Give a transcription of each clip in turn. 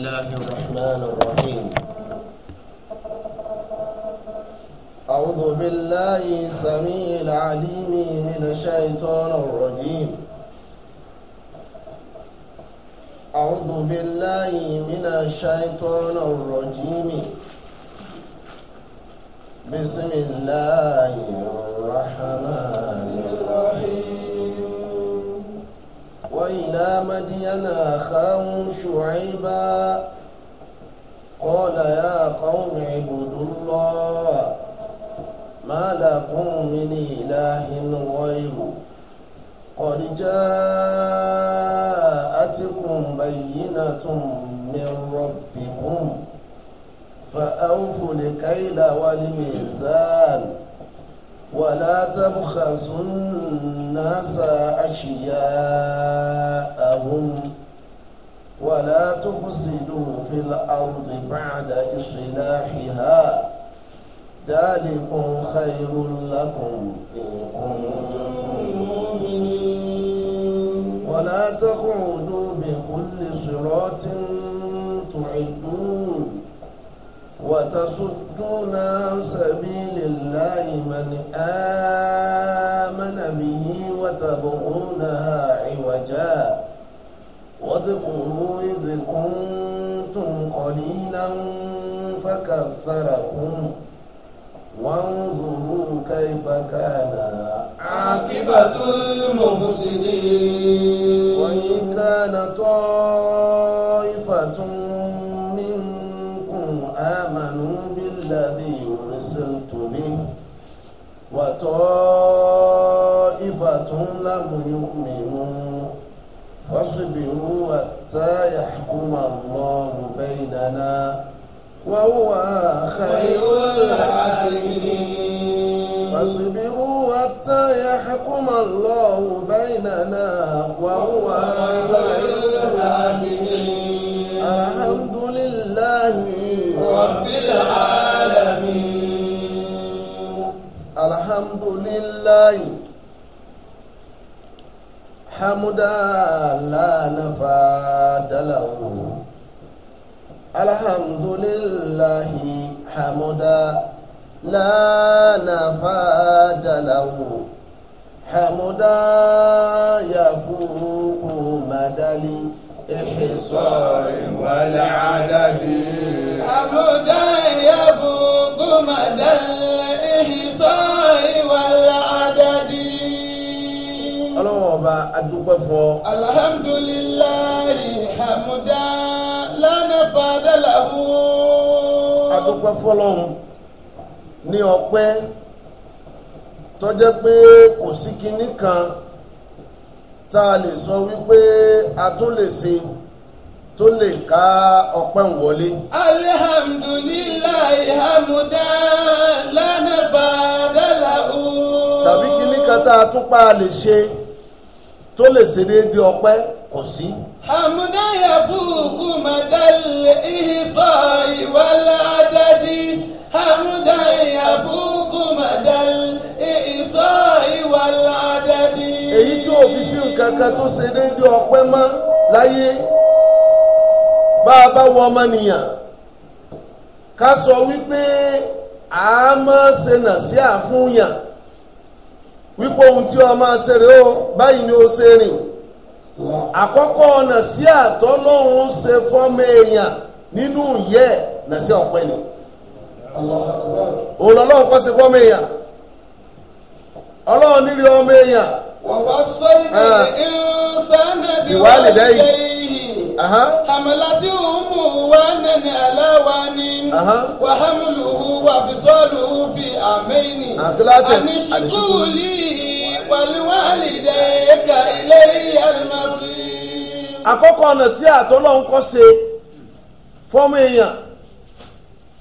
الله الرحمن الرحيم أعوذ بالله سميع العليم من الشيطان الرجيم أعوذ بالله من الشيطان الرجيم بسم الله الرحمن الرحيم وإلى مدين أخاهم شعيبا قال يا قوم اعبدوا الله ما لكم من إله غيره قد جاءتكم بينة من ربكم فأوفوا الكيل والميزان ولا تبخسوا الناس أشياءهم ولا تفسدوا في الأرض بعد إصلاحها ذلكم خير لكم إن كنتم مؤمنين ولا تقعدوا بكل صراط وتصدون عن سبيل الله من آمن به وتبغونها عوجا واذكروا إذ كنتم قليلا فكثركم وانظروا كيف كان عاقبة المفسدين وإن كان طائفة الذي أرسلت به وطائفة لم يؤمنوا فاصبروا حتى يحكم الله بيننا وهو خير الحاكمين فاصبروا حتى يحكم الله بيننا وهو خير الحاكمين الحمد لله رب العالمين لله حمدا لا نفاد له الحمد لله حمدا لا نفاد له حمدا يفوق مدى الحصار والعدد حمدا يفوق مدى sáyé wà ládàdí. ọlọ́run ọba adúpẹ́ fún ọ. alhamdulilayi hamuda lana fadalahu. adúpẹ́ fọlọ́run ní ọpẹ́ tọ́jẹ́ pé kò sí kinní kan tá a lè sọ wípé a tún lè ṣe tó lè ká ọpẹ́ ń wọlé. alihamdulilayi hamuda lanaba dalahu. tàbí kí ní kata àtúpà lè ṣe tó lè ṣe déédéé ọpẹ́ kò sí. hamuda yabuku madali ihisa iwala adadi hamuda yabuku madali ihisa iwala adadi. èyí tí òfin sí nǹkan kan tó ṣe déédéé ọpẹ́ mọ́ láyé bá a bá wọ ọmọnìyàn ká sọ wípé a máa ṣe nà sí àfúnyàn wípé ohun tí ọmọ ṣe rè ó báyìí ni ó ṣe rìn àkọ́kọ́ ọ̀nà sí àtọ́lọ́run ṣe fọ́mọ èèyàn nínú yẹ́ nà sí ọ̀pẹ́ ni òlọ́lọ́run kọ́ ṣe fọ́mọ èèyàn ọlọ́run nílé ọmọ èèyàn wọ́n lè dẹ́yìn. حملته أمه وانا على وان وحمله وفصاله في عامين أن اشكر لي ولوالديك إلي المصير àkọ́kọ́ ọ̀nà sí àtọ́lọ́hún kọ́ ṣe fọ́mọ èèyàn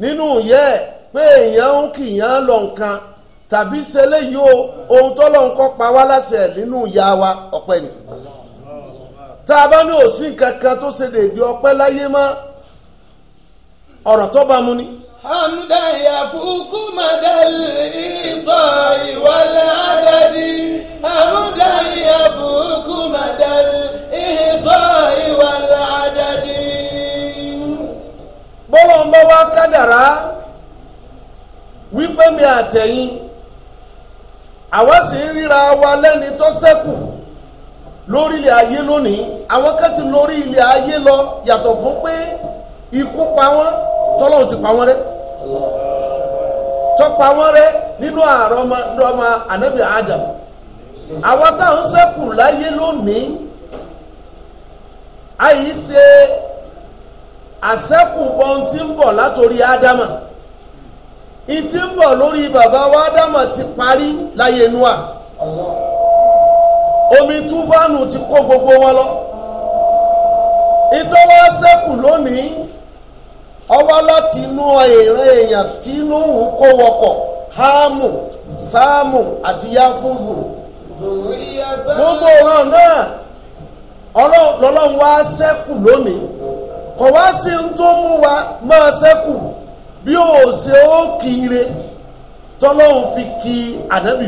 nínú yẹ́ ẹ̀ pé èèyàn ń kìyàn lọ nǹkan tàbí ṣe léyìí ohun tọ́lọ́hún kọ́ pa wá láṣẹ nínú ìyá wa ọ̀pẹ ni. tá a bá ní nǹkan kan tó ṣe dèbí ọpẹ́ láyé mọ́ ọ̀rọ̀ tó bá mu ni. hamdan yafuku madal isọ adadi hamdan yafuku madal isọ wípé mi àtẹ̀yìn àwa sì ń ríra wa lẹ́ni tó lórí ilẹ̀ ayé lónìí àwọn kan ti lórí ilẹ̀ ayé lọ yàtọ̀ fún pé ikú pa wọ́n tọ́lọ́run ti pa wọ́n rẹ́ tọ́pa wọ́n rẹ́ nínú àrọ́mọ ànábì Adam àwọn táwọn ṣẹ́kù láyé lónìí àyí ṣe àṣẹ́kù bọ́n tí ń bọ̀ látòrí Ádámà ìtí ń bọ̀ lórí bàbá wa Ádámà ti parí láyé Noa. Allah omi túfánù ti kó gbogbo wọn lọ ìtọ́wọ́ sẹ́kù lónìí ọwọ́ láti inú èrè èèyàn tí inú wù kó wọkọ̀ háàmù sáàmù àti gbogbo ọ̀ràn náà ọlọ́run wá sẹ́kù lónìí kò wá sí tó mú wa máa sẹ́kù bí ó ṣe ó kiri tọ́lọ́run fi kí ànábì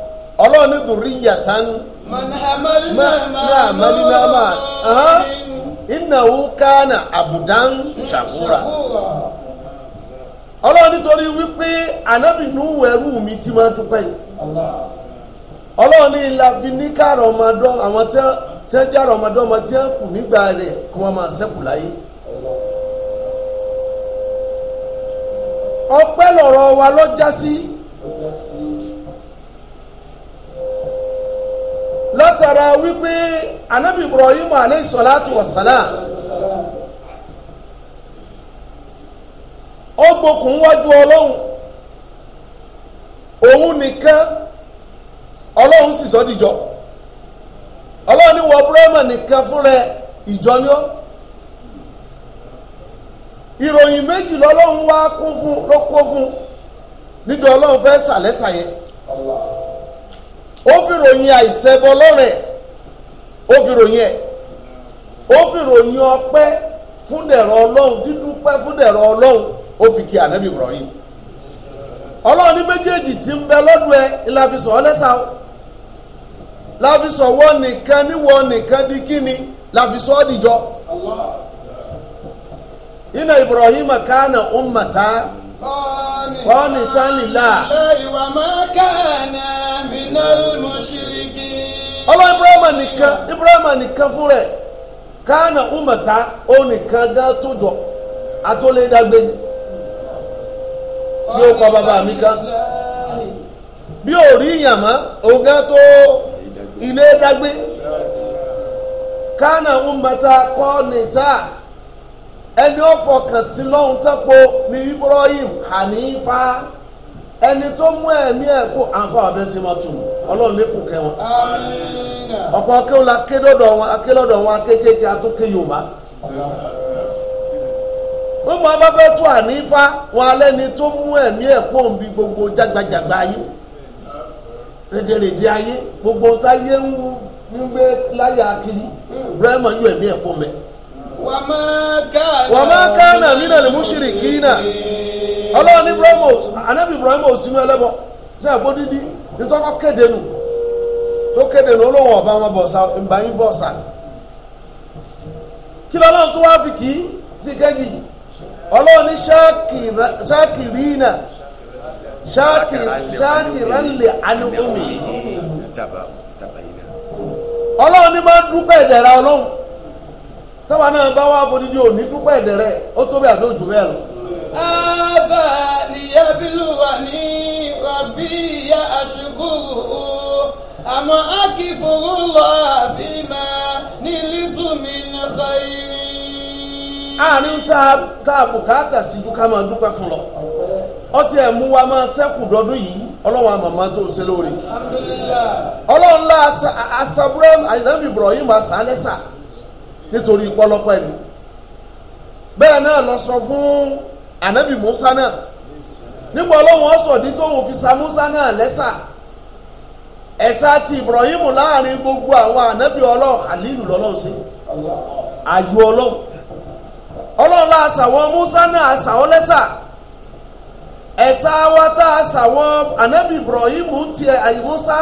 ọlọ́run ní dhurriyatan máa mẹ́línà máa innahu kana abudan shakura ọlọ́run nítorí wípé ànábì Nuhu ẹrú mi ti máa dúpẹ́ yìí ọlọ́run ní ilà fi ní káàrọ̀ ọmọdọ́ àwọn tí wọ́n járọ̀ ọmọdọ́ ọmọ tí wọ́n kù nígbà rẹ̀ kí wọ́n máa ṣẹ́kù láyé ọpẹ́ lọ̀rọ̀ wa lọ́jà sí. látara wípé anábì Ibrahim alayhi salatu wassalam ó gbókùn wájú ọlọ́run òun nìkan ọlọ́run sì sọ dìjọ́ ọlọ́run ni wọ búrẹ́mà nìkan fún rẹ ìjọ ni ó ìròyìn méjì lọ́lọ́run wá kún fún ló kún fún níjọ ọlọ́run fẹ́ sàlẹ́sà yẹn ó fi ròyìn àìṣẹbọ lọ́rẹ̀ ó fi ròyìn ẹ̀ ó fi ròyìn ọpẹ́ fúndẹ̀rọ ọlọ́run dídúpẹ́ fúndẹ̀rọ ọlọ́run ó fi kí ànábì Ibrahim ọlọ́run ní méjèèjì tí ń bẹ lọ́dún ẹ la fi lẹ́sà ó wọ́n nìkan níwọ̀ nìkan di kíni ọ́ kọ́ni tánilá. ìwà máa kàánà ibrahima nìkan ibrahima nìkan fún rẹ̀ umata onìkan gaa tó jọ atọ́lẹ́dàgbé ni ó kọ bàbá mi kan bí ò rí ìyàmọ́ òun tó ilé dàgbé kánà umata ẹni ọ̀fọ̀kàn sí lọ́hùn tẹ́po ní Ibrahim Hanifa ẹni tó mú ẹ̀mí ẹ̀ kó àǹfààní abẹ́ sí ma tún ọlọ́run lẹ́kùn kẹwọn. ọ̀pọ̀ wọn wọn akékèké atúnké Yorùbá. wọ́n mú abáfẹ́ Hanifa wọn alẹ́ ni tó mú ẹ̀mí ẹ̀ kó ń gbogbo jágbajàgba ayé rèdèrèdè ayé gbogbo táyé ń gbé láyà kiri Ibrahim yóò kó wàmá kánà nínà lè mú ṣìrì kínà ọlọ́run ní ibrahim anábì ibrahim ò sínú ẹlẹ́bọ ṣe àpò dídí nítọ́kọ́ kéde nù tó kéde nù olóhùn ọba wọn bọ̀ sá ìgbà yín bọ̀ sá kí lọ́lọ́run tó wá fi kì í sí kẹ́gì ọlọ́run ní ṣáàkìrínà ṣáàkìránlẹ̀ anúkùnmí ọlọ́run ní máa dúpẹ́ ìdẹ̀ra ọlọ́run sábà náà bá wà fòdìdí òní dúpẹ́ ẹ̀dẹ̀rẹ̀ ó tó bí àdó jù bẹ́ẹ̀ lọ. ábà níyàbílù wà ní rọ̀bí ìyá àṣùkúrù o àmọ́ akífòrò lọ àbí máa nílítù mi nìkan irin. àárín tá a bùkátà sí ju ká máa dúpẹ́ fún lọ ọtí ẹ̀ mú wa máa sẹ́kù dọ́dún yìí ọlọ́run àmàmà tó ṣe lóore. ọlọ́run lá asabúrẹ́mù àdìdámì Ibrahim asálẹ́sà nítorí pọ́lọ́pọ́ ẹ̀lú bẹ́ẹ̀ náà lọ sọ fún ànábì Musa náà nípa ọlọ́run ọ̀sọ̀dí tó wò fi sa Musa náà lẹ́sà ẹ̀sà ti Ibrahim láàrin gbogbo àwọn ànábì ọlọ́run Khalilu lọ́lọ́run sí àjò ọlọ́run ọlọ́run la sàwọn Musa náà sàwọn lẹ́sà ẹ̀sà wa tá a sàwọn ànábì Ibrahim tiẹ̀ àyè Musa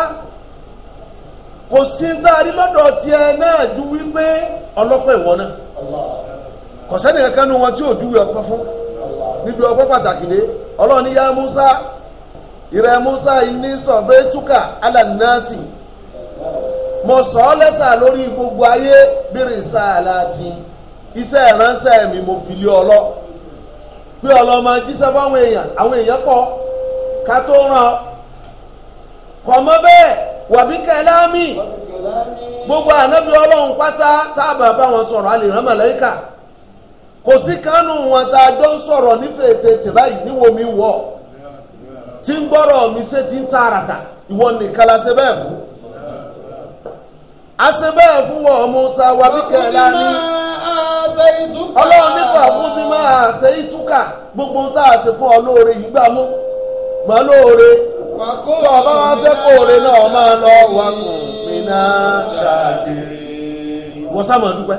kò sí tá a rí lọ́dọ̀ tiẹ̀ náà ju wípé ọlọ́pẹ́ ìwọ náà kò sẹ́ni kankan nu wọn tí ò júwe ọpẹ́ fún níbi ọpẹ́ pàtàkì dé ọlọ́run ní ya sọ ọ́ lẹ́sà lórí gbogbo ayé bèrè sáàlá ti iṣẹ́ ìránṣẹ́ mi mo fi lé ọlọ́ pé ọlọ́mọ jíṣẹ́ fáwọn èèyàn àwọn èèyàn pọ̀ ká tó ràn kọ́ mọ́ bẹ́ẹ̀ wàbí kẹlámì gbogbo ànábì ọlọ́run pátá tá a bàbá wọn sọ̀rọ̀ a lè rán màláíkà kò sí kánú wọn tá a jọ ń sọ̀rọ̀ nífẹ̀ẹ́ tètè báyìí níwò mi wọ̀ tí ń gbọ́rọ̀ mi ṣe ti ń tààràtà ìwọ nìkan la ṣe bẹ́ẹ̀ fún a ṣe fún wọn Mùsá wàbí kẹlámì ọlọ́run nípa fún ti máa tẹ ìtúkà gbogbo ń tá a ṣe yìí gbà mú mọ́ lóore tó o bá wá fẹ́ kóore náà máa lọ wakùn mìíná ṣáàkiri wọ́n sáà máa dúpẹ́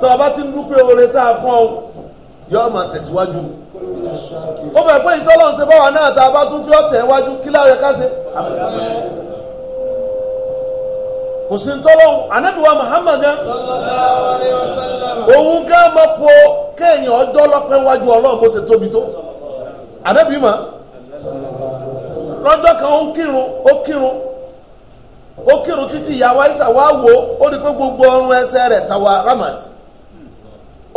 tó o bá ti ń dúpẹ́ oore tá a fún ọ yóò máa tẹ̀síwájú ó bẹ̀ pé ìtọ́lọ́run ṣe báwa náà tá a bá tún fi ọ̀tẹ̀ wájú kí láàrẹ̀ ká ṣe kò sí tọ́lọ́run anábìwá Muhammad gan òun gan mọ̀ po kéèyàn ọjọ́ lọ́pẹ́ wájú ọlọ́run bó ṣe tóbi tó anábìwá lọ́jọ́ kan ó kírun ó kírun ó kírun títí ìyàwó àìsà wá ó rí pé gbogbo ọrùn ẹsẹ̀ rẹ̀ tàwa ramat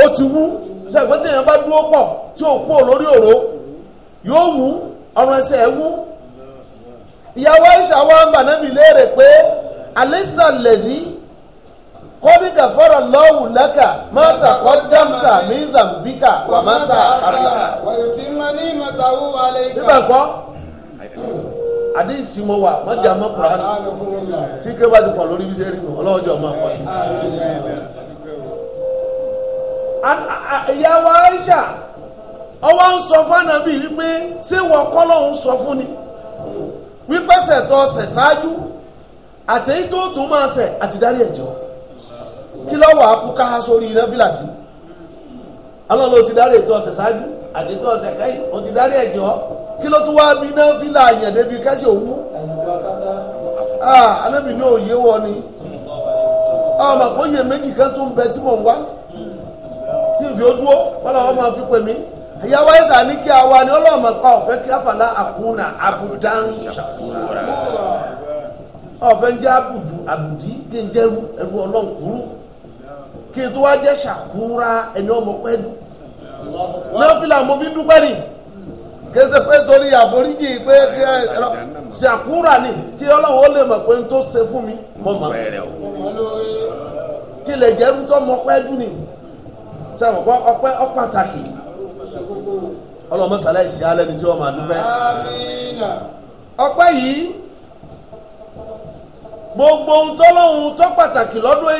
ó ti wú ṣẹ̀gbọ́n tí èèyàn bá dúró pọ̀ tí ò pọ̀ lórí òró yóò wú ọrùn ẹsẹ̀ ẹ̀ wú ìyàwó àìsà wá ń bà nábì léèrè pé alista lẹ́ni kọ́díkà fọ́rọ̀ lọ́wù lẹ́kà kọ́ mí dàmbíkà àdéhìsí mọ wà mọ́jà mọ́ kùránì tí ké bá ti pọ̀ lórí bí sẹ́rìn ọlọ́ọ̀jọ́ máa pọ̀ sí. ìyàwó Aisha ọwọ́ ń sọ fún ànábì wípé ṣé wọ́n kọ́ lọ́hún sọ fún ni wípé ṣètò ọ̀sẹ̀ ṣáájú àtẹ̀yí tó tún máa ṣẹ̀ àti dárí ẹ̀jọ́ kí lọ́wọ́ àkúká sórí iná fìlàsì ọlọ́run ló ti dárí ètò ọ̀sẹ̀ ṣáájú ati ètò ọ̀sẹ̀ kẹ́yìn ó ti dárí ẹ̀jọ́ kí ló tún wá bí náà fi là yàn òwú anábì ní òye wọ ni ọmọ kò méjì kan tún bẹ tí mò ń wá tí n fi ó dúó wọn làwọn máa fi pè mí ìyàwó ẹ̀sà ní kí a wá ní ọlọ́mọ pa ọ̀fẹ́ kí a fàlà àkúnà ọ̀fẹ́ ń jẹ́ àbùdù àbùdí kí n jẹ́ ẹrú ọlọ́run kúrú kí n tó wá jẹ́ ẹni ọmọ náà fi làwọn dúpẹ́ kése pé torí àforíjì pé ni kí ọlọ́run ó lè mọ̀ pé n tó ṣe fún mi mọ̀ mọ̀ kí lè jẹ́rú tó mọ̀ pẹ́ dùn ni ọpẹ́ ọpàtàkì ìṣe alẹ́ ni tí wọ́n máa dúpẹ́ ọpẹ́ yìí gbogbo ohun pàtàkì lọ́dún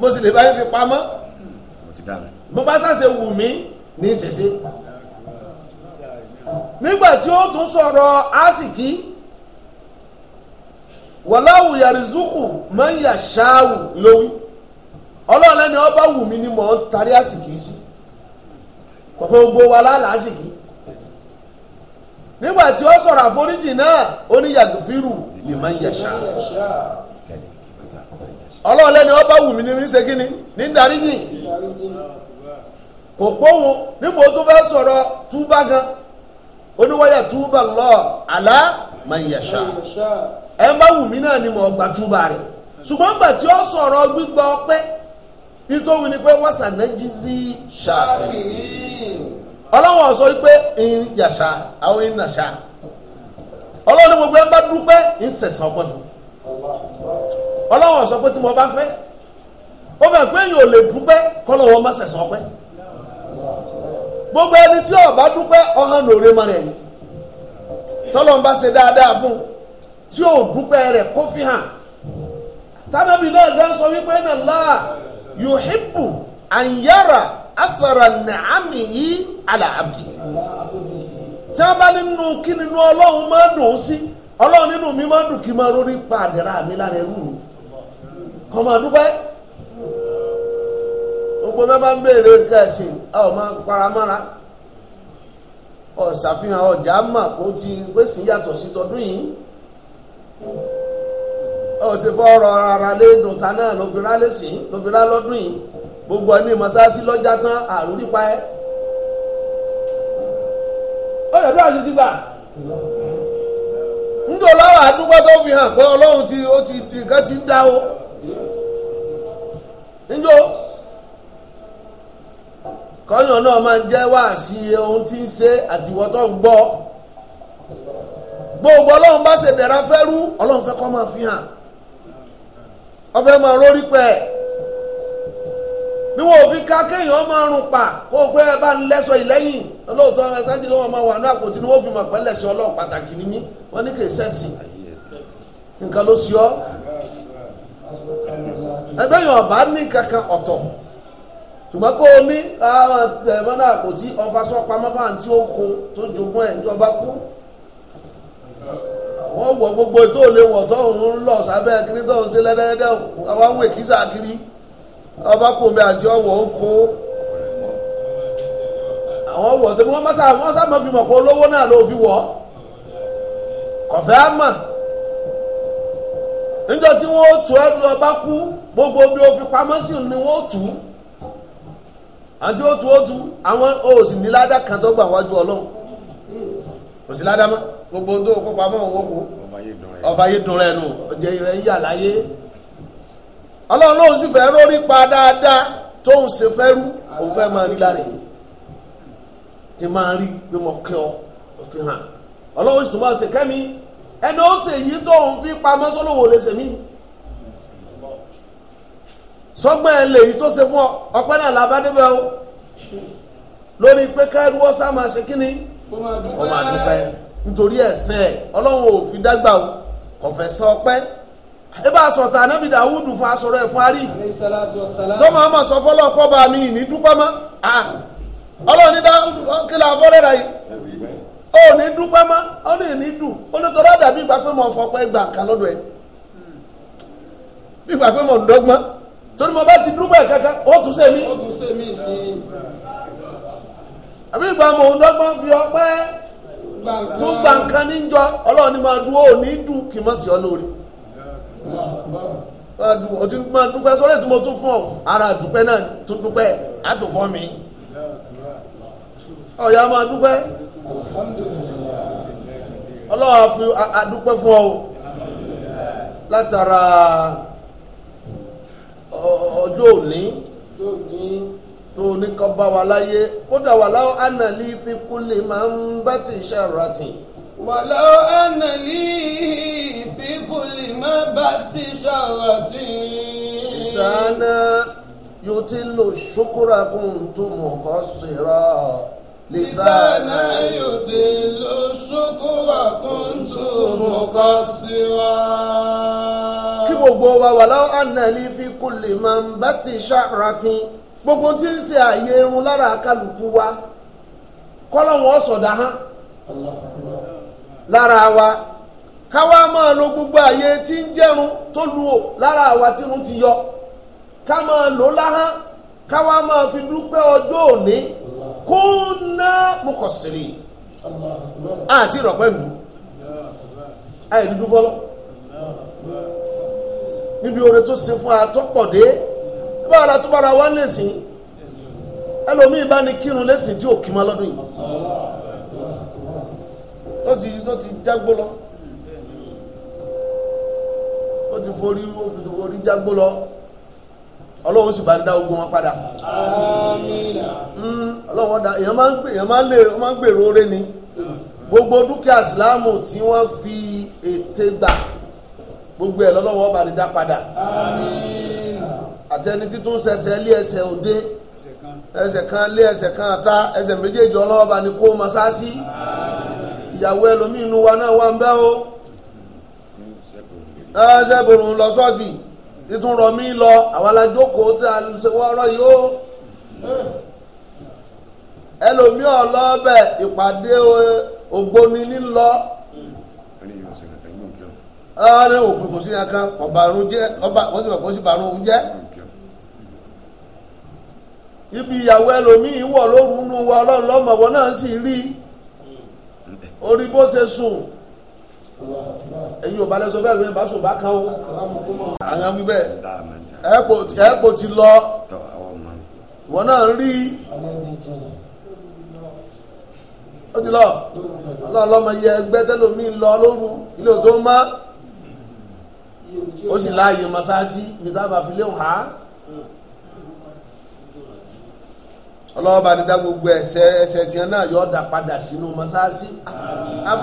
mo sì lè bá yín fi pamọ́ mo bá sàṣe wù mí ní ìṣẹ̀ṣe nígbà tí ó tún sọ̀rọ̀ àsìkí wàláwù yàrìzúkù máa ń yà ṣáàwù lówí ọlọ́run ẹni ọba wù mí ni mò ń tarí àsìkí sí kọ̀pẹ́ gbogbo wa lálàá àsìkí nígbà tí ó sọ̀rọ̀ àforíjì náà ó ní yàgùfírù lè máa ń yà ṣáàwù. ọlọ́run lẹ́ni ọba wù mí ní ṣe kí ni ní darí yìí kò tó sọ̀rọ̀ túbá gan oníwáyà túbá lọ àlá ma yẹ̀ṣà ẹ bá wù mí náà ni mo gba rẹ̀ ṣùgbọ́n tí ó sọ̀rọ̀ gbígbà ọpẹ́ nítorí ni pé sí ṣáàkiri ọlọ́run pé ń yàṣà àwọn ń nàṣà ọlọ́run gbogbo ẹ bá dúpẹ́ ń ọlọ́wọ́ sọ pé tí mo bá fẹ́ ó fẹ́ pé lè dúpẹ́ kọ́lọ́wọ́ má gbogbo ẹni tí ó bá dúpẹ́ ọ̀hán lóore mọ́ rẹ̀ ni tọ́lọ́n bá ṣe dáadáa fún tí ò dúpẹ́ rẹ̀ kó sọ wípé iná láà àyàrà nàámi yìí tí bá nínú kí nínú ọlọ́run máa dùn sí ọlọ́run nínú mi máa dùn kí máa rórí pa kọ́ máa dúpẹ́ gbogbo náà ń béèrè nǹkan ẹ̀sìn a ò máa para mọ́ra ọ̀sàfihàn ọjà mà kó ti gbèsè yàtọ̀ sí tọdún yìí ọ̀sẹ̀fọ́ ọ̀rọ̀ ara lé dùnkà náà ló fi gbogbo ẹni lọ́jà tán àrùn nípa ti gbà lọ́wọ́ àdúgbò tó fi hàn pé ọlọ́run níjó kọ́nà náà máa ń jẹ́ wáàsí ohun tí ń ṣe àtiwọ́ tó ń gbọ́ gbogbo ọlọ́run bá ṣe dẹ̀ra fẹ́rú ọlọ́run fẹ́ kọ́ máa fi hàn ọfẹ́ máa lórí pẹ́ ni wọn ò fi ká kéèyàn máa rùn pa kó o pé ẹ bá ń lẹ́sọ ìlẹ́yìn olóòótọ́ ẹ sáńdì lọ́wọ́ máa wà ní àpótí ni wọ́n fi mọ̀ pẹ́ lẹ́sọ ọlọ́run pàtàkì ni mí wọ́n ní kì í sẹ́sìn nǹkan ló ṣe ọ́ ẹgbẹ́ yìí ọ̀bá ní kankan ọ̀tọ̀ ṣùgbọ́n kó o ní káwọn tẹ̀wọ́n náà kò tí ọfasọ́ pamọ́ fáwọn tí ó kó tó jogún ẹ̀ ìjọba kú wọ́n wọ gbogbo tó lè wọ̀ tó ń lọ sábẹ́ kiri tó ń ṣe lẹ́dẹ́dẹ́ àwọn wẹ̀ kí sàkiri ọba kò bẹ àti ọwọ́ ó kó àwọn wọ̀ ṣe wọ́n sábà fi mọ̀ pé olówó náà ló fi wọ̀ kọ̀fẹ́ á mọ̀ níjọ́ tí wọ́n tú ẹrù lọ bá kú gbogbo bí o fi pamọ́ sí ni wọ́n tú àti ó tú ó tú àwọn òsì níládá kan tó gbà wájú ọlọ́run òsì ládá mọ́ gbogbo tó kó pamọ́ òun kó ọba yé dùn rẹ̀ nù ọjẹ́ rẹ̀ ń yà láyé ọlọ́run lóun sì fẹ́ rórí pa dáadáa tóun ṣe fẹ́ rú òun fẹ́ máa rí lára ẹ̀ ti máa rí pé mo kẹ́ ọ fi hàn ọlọ́run sì tún máa ṣe kẹ́mi ẹni ó sì yí tó ń fi pamọ́ sólówó lè sèmí sọgbọ́n ẹ lè yí tó ṣe fún ọpẹ́ náà lábádébẹ́ o lórí pé kẹ́rù ọ́sà máa ṣe kíni ọmọ àdúpẹ́ nítorí ẹ̀sìn ẹ̀ ọlọ́run ò fi dágbà o kò fẹ́ sọ ọpẹ́ ebe asọ̀tà anábì dàwùdù fún asọ̀rọ̀ ẹ̀fún àrí tó máa ma sọ fọ́lọ́ pọ́ bá mi ní dúpọ́ mọ́ ọlọ́run ní dáwùdù kí la fọ́lẹ́ rà yìí ó ní dúpẹ́ mọ́ ó ní ní dùn ó ní tọ́lá dàbí ìgbà pé mo fọpẹ́ gbà kan lọ́dọ̀ ẹ̀ bí ìgbà pé mo ń dọ́gbọ́n torí mo bá ti dúpẹ́ kankan ó tún ṣe mí. àbí ìgbà mo ń dọ́gbọ́n fi ọpẹ́ ni máa dúró ní dùn kì í mọ̀ sí ọ lórí o ti máa dúpẹ́ sọ́rẹ́ tí mo tún ọ ara dúpẹ́ náà tún dúpẹ́ á tún mi ọlọ́wọ́ fi adúpẹ́ fún ọ látara ọjọ́ òní tó ní kọ́ bá wa láyé kódà wà láwọ́ ánàlí fi kúlè máa ń bá ti ṣàràtì. wà láwọ́ ánàlí fi kúlè máa bá ti ṣàràtì. ìsáná yóò ti lò ṣókúra kún tó mọ̀ kọ́ sí ra. lisana yòdì ló ṣókó gbogbo wa wà láwọn fi kulè máa ń bá gbogbo tí ń ṣe àyè irun lára kálukú wa kọ́lọ́wọ́n sọ̀dá hàn lára wa káwa máa lo gbogbo àyè tí ń jẹ́run tó lu lára wa tí ti yọ ká máa lò máa fi dúpẹ́ ọjọ́ òní kunna muqassirin àti ìrọ̀pẹ́ ìlú àìlúdú níbi oore tó ṣe fún àtọ́pọ̀dé bára tó bára wá lẹ́sìn ẹlòmí bá ní kírun lẹ́sìn tí ò kí ma lọ́dún yìí tó ti jágbó lọ ó ti forí jágbó lọ ọlọ́run sì bá dá ogun wọn padà. Hmm, ọlọ́run dá èèyàn máa ń gbèrò èèyàn máa ń gbèrò oore ni gbogbo dúkìá ìsìláàmù tí wọ́n fi ète gbà gbogbo ẹ̀ lọ́lọ́wọ́ bá lè dá padà. àti ẹni títún ṣẹṣẹ lé ẹsẹ̀ òde ẹsẹ̀ kan lé ẹsẹ̀ kan ata ẹsẹ̀ méjèèjì ọlọ́wọ́ bá ní kó masáàsì ìyàwó ẹlòmíín inú wa náà wà ń bẹ́ o. ẹsẹ̀ bòrùn lọ sọ́ọ̀sì títún rọ mí lọ àwọn alájókòó tí a ṣe wọ́rọ́ yìí ó ẹlòmíì ọlọ́bẹ̀ ìpàdé ògbóni nílọ. ọ̀rẹ́ òkùnkùn kò sí yẹn kan ọ̀bàrún jẹ́ wọ́n sì bàbá ó sì bàrún òun jẹ́. ibi ìyàwó ẹlòmíì wọ̀ lóru nu wa ọlọ́run lọ́mọ̀ wọn náà sì rí orí bó ṣe sùn ẹ̀yin ò bá lẹ́sọ bẹ́ẹ̀ bá sùn bá kan o àwọn wí bẹ́ẹ̀ ẹ̀pọ̀ ti lọ wọn náà rí ó ti lọ ọlọ́ọ̀lọ́mọ yẹ ẹgbẹ́ tẹ́lómi lọ lóru ilé ò tó mọ́ ó sì láàyè mọ́sáàsì ibi tá a bá fi léhùn ha. ọlọ́wọ́ bá dídá gbogbo ẹ̀ṣẹ̀ ẹ̀ṣẹ̀ tiẹ̀ náà yọ ọ̀dà padà sínú mọ́sáàsì ìyẹn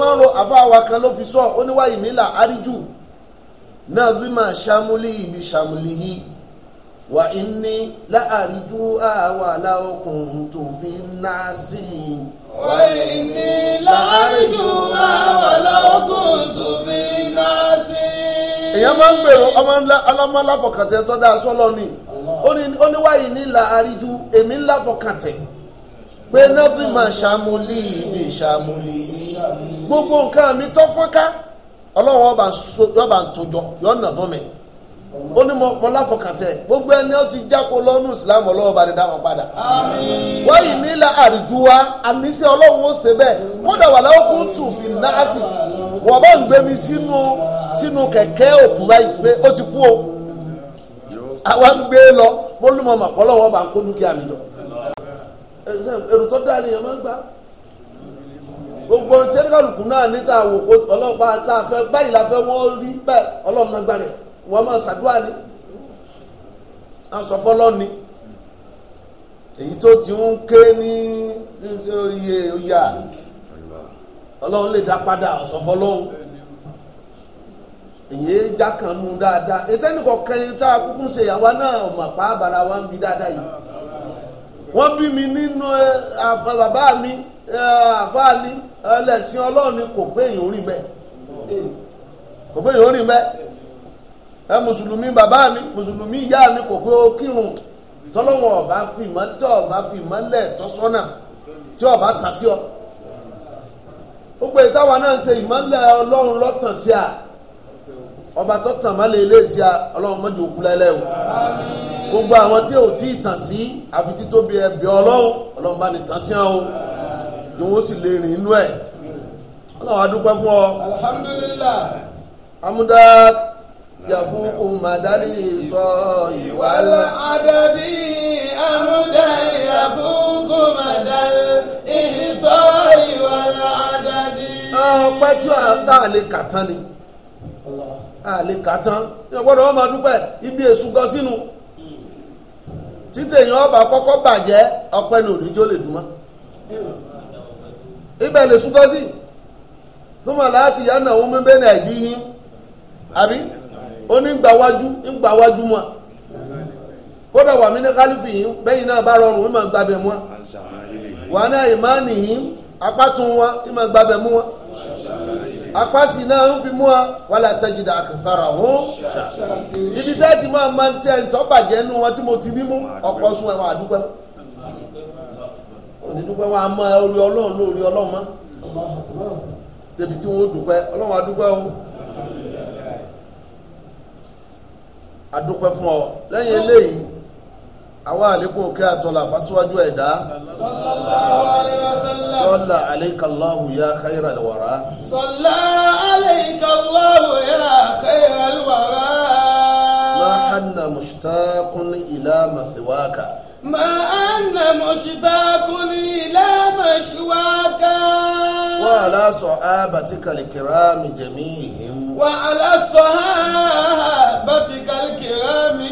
máa ń ro àfa àwa kan ló fi sọ ó ní wáyé áríjù náà fi máa ṣàmúlì ibi ṣàmúlì yìí wà ní láàríjú àwa láòkùn tó fi ná sí i. wà ní láàríjú àwa láòkùn tó fi ná sí i. èèyàn máa ń gbèrò ọmọ aláfọkàtẹ́ tó dáa sọ́lọ́ ni ó ní wáyé nílà àríjú èmi ńlá fọkàntẹ̀ pé nọ́bì máa ṣàmúlì ibi ìṣàmúlì gbogbo nǹkan mi tọ́ fọ́nká ọlọ́run ọba yọba tójọ yọ̀nà fún mi ó ní gbogbo ẹni ó ti jáko lọ́nù islam ọlọ́run ọba rẹ̀ dá wọn padà wáyé nílà àríjú wa àníṣe ọlọ́run ó ṣe bẹ́ẹ̀ kódà wà láwọn kó tù fi náà sí wọ́n bá ń gbé mi sínú sínú kẹ̀kẹ́ òkú báyìí pé ó ti kú o àwa ń gbé lọ mo lùmọ̀ mà pọ̀ lọ́wọ́ bá ń kó dúkìá mi lọ. èrò tó dáa nìyẹn máa ń gbà. gbogbo tẹ́lifíkàlùkù náà níta wò ó ọlọ́pàá tá a fẹ́ báyìí la fẹ́ wọ́n rí bẹ́ẹ̀ ọlọ́run náà gbà rẹ̀ máa ṣàdúrà ní. a ni èyí tó ti ń ké ní iye oyà ọlọ́run lè dá padà ọ̀sọ̀fọ́lọ́hún. èyí já dáadáa ètẹ́nìkọ̀ tá a kúkú ṣe àwa náà ọ̀mà pa wa ń bi dáadáa yìí wọ́n bí mi nínú bàbá mi àfáà ẹlẹ́sìn ọlọ́run kò pé èyàn rìn bẹ́ẹ̀ kò pé rìn bẹ́ẹ̀ mùsùlùmí bàbá mùsùlùmí ìyá mi kò pé ó kírun tí ọ̀bá tà sí ọ ó ọba tó tàn má lè léèsì ọlọ́run mọ́jú òkú lẹ́lẹ́ o gbogbo àwọn tí ò tí ì tàn sí àfi títóbi ẹbí ọlọ́run ọlọ́run bá ní tàn sí ọ tí sì lè rìn inú ẹ̀ ọlọ́run adúpẹ́ fún ọ. alhamdulillah. amúdá yàfúkú màdálì sọ ìwà lọ. àdàbí amúdá yàfúkú màdálì sọ ìwà lọ àdàbí. ọpẹ́ tí a ta lè kà tán ni. àlè kàtán tí wọ́n gbọ́dọ̀ ibi èṣù gan sínú ọba kọ́kọ́ bàjẹ́ ọpẹ́ ní oníjó lè dùn mọ́ ibẹ̀ lè sún gan sí láti yá náà wọ́n mẹ́bẹ́ náà yí yín àbí ó ní gbàwájú ń wà mí ní kálífì yín náà bá apá sì náà ń fi mú wa wàlá tajìdá àkàtàrà wọn. ibi tẹ́ ti máa máa tẹ ìtọ́bàjẹ́ nu wọn tí mo ti mímú ọ̀pọ̀ sun ẹ̀wọ̀n àdúpẹ́. onídùúpẹ́ wọn a mọ orí ọlọ́run lórí ọlọ́run mọ́. débi tí wọn ó dùpẹ́ ọlọ́run àdúpẹ́ o. àdúpẹ́ fún ọ lẹ́yìn eléyìí àwa àlékún òkè àtọ́là fásíwájú ẹ̀dá sọ́lá àlékàláhù ya káyìrà lọ́wọ́rá sọ́lá àlékàláhù ya káyìrà lọ́wọ́rá láhánà mùsítákún ilá màsíwáka ma anna mùsítákún ilá màsíwáka wà aláṣọ àbàtíkàlì kìrámì jẹ̀mí ìhìn wà aláṣọ àbàtíkàlì kìrámì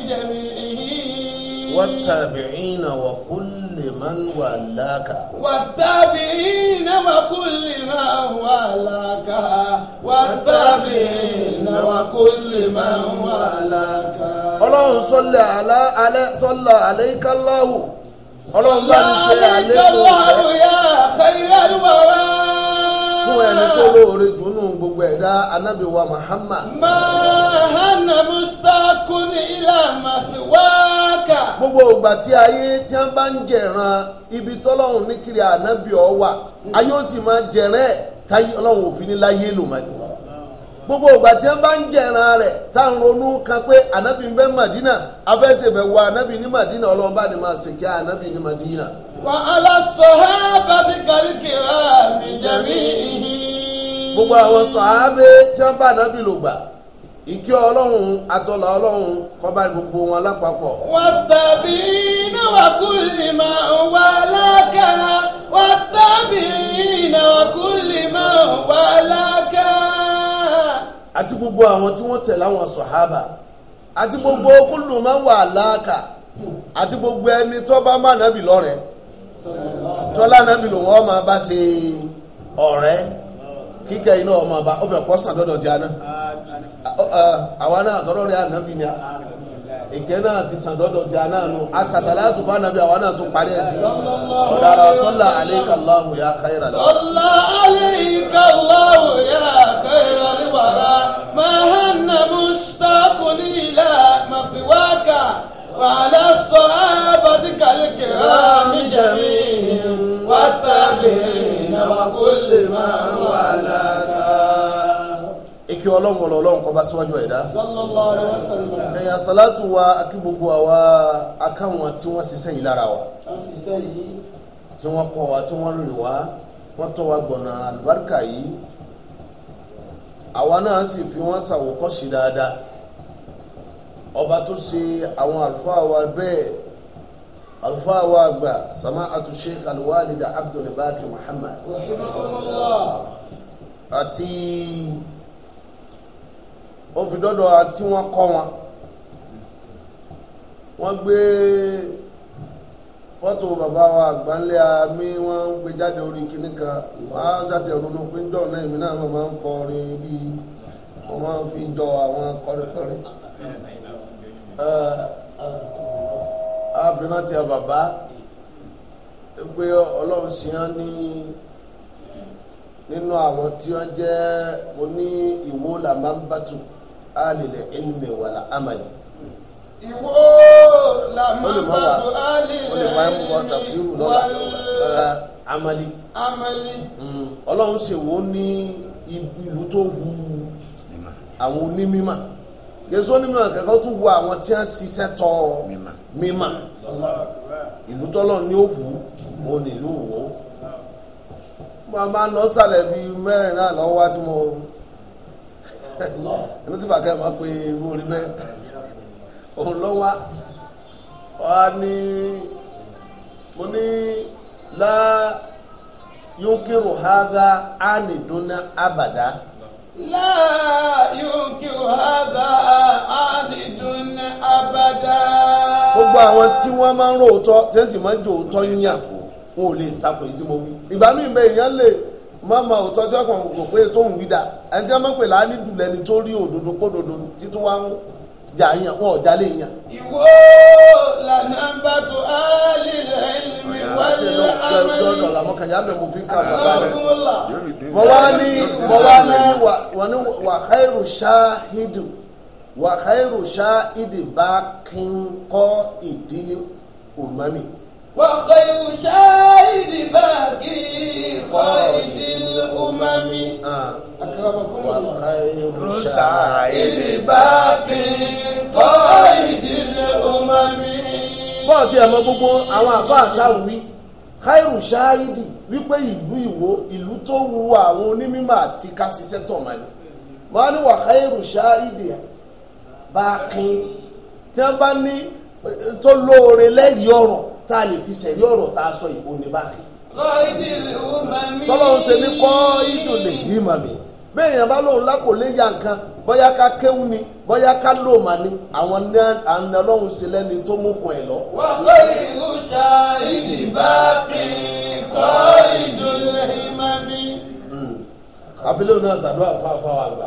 والتابعين وكل من والاك والتابعين وكل من والاك والتابعين وكل من والاك اللهم صل على على صلى عليك الله اللهم بارك عليك الله يا خير الورى fún ẹni tó lóore dùnú gbogbo ẹ̀dá anábì Muhammad. mahana mustaqun ila mafiwaka. gbogbo ìgbà tí ayé tí wọ́n bá ń jẹ̀ràn ibi tọ́lọ́hún ní kiri anábì ọ wà ayé ó sì máa jẹ̀rẹ́ táyé ọlọ́run òfin ní láyé lòmọdé gbogbo ìgbà tí wọ́n bá ń jẹ̀ran rẹ̀ tá ronú kan pé Madina afẹ́sẹ̀bẹ̀ wọ anabi ní Madina ọlọ́run ni ní máa ṣèkí anabi ní Madina. wà á lọ sọ ha bàbí kàríkìrà mi gbogbo àwọn sàábé tí wọ́n bá ànábì lò gbà ìkí ọlọ́run àtọ́là ọlọ́run kó gbogbo wọn lápapọ̀. wọ́n iná àti gbogbo àwọn tí wọ́n tẹ̀lé àwọn sọ̀hábà àti gbogbo kúlù máa wà láàkà àti gbogbo ẹni tó bá má nábì lọ́rẹ̀ tọ́lá nábì lòun ọmọ bá ṣe ọ̀rẹ́ kíkẹ́ iná ọmọ bá ó fẹ́ kọ́ sàn dọ́dọ̀ ti àná àwa náà tọ́lọ́rẹ́ ànábì ni a. ìkẹ́ náà fi sàn dọ́dọ̀ ti anáàánú asàsàlátù bá nàbí àwọn náà tún parí ẹ̀sìn ọ̀dàrà sọ́là aléìkàláhù ya káyìrà lọ. sọ́là aléìkàláhù ya káyìrà lẹ́wàrà máa hànà ike ọlọ́run ọlọ́run kọba síwájú ẹ̀dá ẹ̀yà sàlátù wa akí gbogbo àwa akáwọn tí wọ́n ṣiṣẹ́ yìí lára wa tí wọ́n kọ́ wa tí wọ́n rìn wá wọ́n tọ́ wa gbọ̀nà àlùbáríkà yìí àwa náà sì fi wọ́n ṣàwòkọ́ṣe dáadáa ọba tó ṣe àwọn àlùfáà wa bẹ́ẹ̀ àlùfáà wa àgbà sama'atu sheikh alwalida abdulbaki muhammad àti ó fi dọ́dọ̀ tí wọ́n kọ́ wọn wọ́n gbé fọ́tò bàbá wa àgbáńlé àmì wọ́n ń gbé jáde orí kìnnì kan wọ́n á jáde ronú pé ń dọ̀nà èmi náà mo máa ń kọ orin bí wọ́n máa ń fi jọ àwọn kọrìkọrì àfihàn ti bàbá pé ọlọ́run sì hàn ní nínú àwọn tí wọ́n jẹ́ oní ìwó làmbámbàtù alìlẹ̀ ilmi wàlà amali. ìwọ làmàbàtò alìlẹ̀ amali. amali. Hmm, ọlọ́run ṣèwò ní ìlú tó wu àwọn onímímà yẹsọ onímọ̀ kankan tún wo àwọn tí wọ́n ṣiṣẹ́ tọ́ mímà ìlú tọ́lọ́ ní òwú òun nílùú wo. mo máa ń lọ sálẹ̀ bíi mẹ́rin náà lọ́wọ́ tí mo ẹni tí bàkẹ́ máa pe irú orin bẹ́ẹ̀ òun lọ wá wá ní mo ní lá yunkiru hadha ánìdúnà abàdá. lá yunkiru hadha ánìdúnà abàdá. gbogbo àwọn tí wọ́n máa ń rò ó tọ́ tí wọ́n sì máa ń jò ó tọ́ yín yàn kó wọn ò lè takò èyí tí ìgbà míì bẹ́ẹ̀ èèyàn lè má ma ò tọ́jú ọkàn kò pé tó ń wí dà ẹni tí wọ́n máa ń pè láàánú dùn lẹ́ni tó rí òdodo kódodo títún wá ń jà yàn wọn ò dálé yàn. ìwọ lànà bá tó áálì lẹ́yìn wáyé àmì. dọ́dọ̀ làmọ́ kàyà bẹ̀ mo fi ń kà bàbá rẹ̀. mo wá ní mo wá ní wọ́n ní wàhálù ṣáhídù wàhálù ṣáhídù bá kí n kọ́ ìdílé òmọ́mì. وخير شاهد باقي قائد الأمم أكرمكم الله خير شاهد باقي قائد الأمم bọ́ọ̀ tí ẹ mọ gbogbo àwọn àfáà táwọn wí káìrù ṣááìdì wípé ìlú ìwó ìlú tó wu àwọn onímọ̀ àti kásìsẹ́ tọ̀mọ̀ wọ́n á ní wà káìrù ṣááìdì bá kín tí wọ́n bá ní tó lóore lẹ́yìí ọ̀rọ̀ tá a lè fi sẹ̀rí ọ̀rọ̀ tá a sọ yìí òní báyìí. tọ́lọ́ ń ṣe ní kọ́ ìdùn lè yí mà mí bẹ́ẹ̀ yẹn bá lóun lákò lè ya nǹkan bóyá ká kéwú ni bóyá ká lò mà ni àwọn ní àná lọ́hùn sí lẹ́ni tó mú kun ẹ̀ lọ. wà á àfilẹ́ òun náà sàdúrà fáfá wa gbà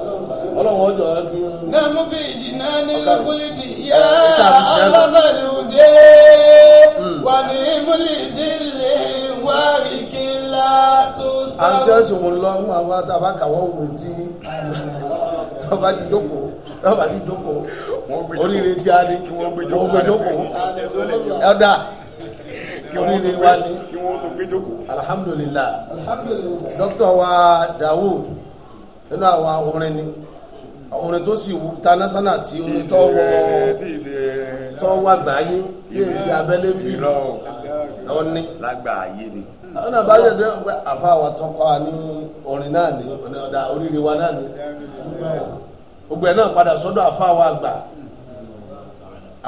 ọlọ́run ọjọ́ ọdún. náà bí ìdìnnà ní lọ́kùnrin ìyá alábàárù dé wà ní múlì ìdílé wárí kí ńlá tó sá. àǹtí ọ̀sùn mo lọ mú àwọn àtàbà kàwọ́ òwe tí tọ́ba ti jókòó tọ́ba ti jókòó oríire tí a ní wọ́n gbé jókòó oríire wa ni kí wọ́n tó gbé jókòó. alhamdulilah dókítà wa Dawood nínú àwọn orin ni orin tó sì wù tanásánà tí orin tó wọ tó wà gbáyé tí èyí ṣe abẹ́lé bí lọ ní. lágbàáyé ni. àwọn náà bá yẹ dé ọgbẹ àfa wa tọkọ ní orin náà ní ọ̀dà oríire wa náà ní. gbogbo náà padà sọ́dọ̀ àfa wa gbà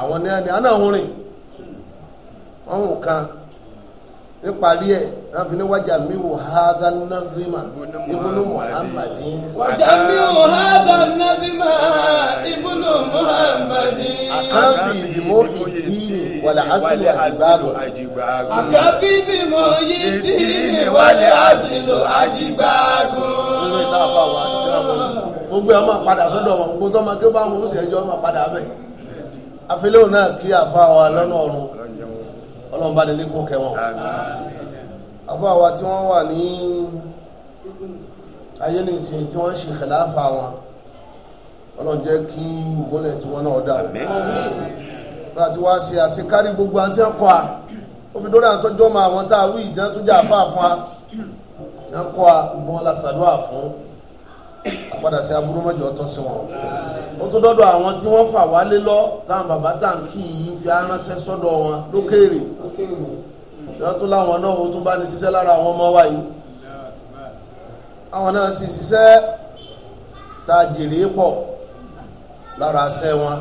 àwọn ní àná àwọn ọ̀hún kan níparí ẹ̀ wọ́n fi ní wájà mi wò hádà nàzímà ibùnú muhammadin. wájà mi wò hádà nàzímà ibùnú muhammadin. àkàbí ìdìmọ̀ ìdíni wàlẹ̀ àṣìlò àjìgbàdù. àkàbí ìdìmọ̀ ìdíni wàlẹ̀ àṣìlò àjìgbàdù. nínú ìta àfàwà àti àwọn gbogbo ẹ̀ máa padà sọ́dọ̀ wọn gbogbo ọmọ kí ó bá wọn ó sì ẹjọ́ máa padà bẹ̀. àfẹlẹ́wò náà kí àfàwà lọ́nà ọ̀run ọlọ́run bá nílé kún kẹwọn àbọ̀ àwa tí wọ́n wà ní ayé ní ìsìn tí wọ́n ṣe kẹláfà wọn ọlọ́run jẹ́ kí ìgbólẹ̀ tí wọ́n náà dà bá ti wá ṣe àṣekárí gbogbo àti ẹ̀kọ́ a ó fi dórí àtọ́jọ́ máa wọn tá a wí ìjẹ́ tó jẹ́ àfáà fún a ẹ̀kọ́ a ìbọn làṣàdúrà fún àpadà sí aburú mọ́jọ́ tọ́ sí wọn ó tún dọ́dọ̀ àwọn tí wọ́n fà wálé lọ táwọn bàbá tàǹkì yìí fi aránṣẹ́ sọ́dọ̀ wọn lókèèrè ṣọ́ láwọn náà ó tún bá ní ṣiṣẹ́ lára àwọn ọmọ wa àwọn náà sì ṣiṣẹ́ ta jèrè pọ̀ lára ṣẹ́ wọn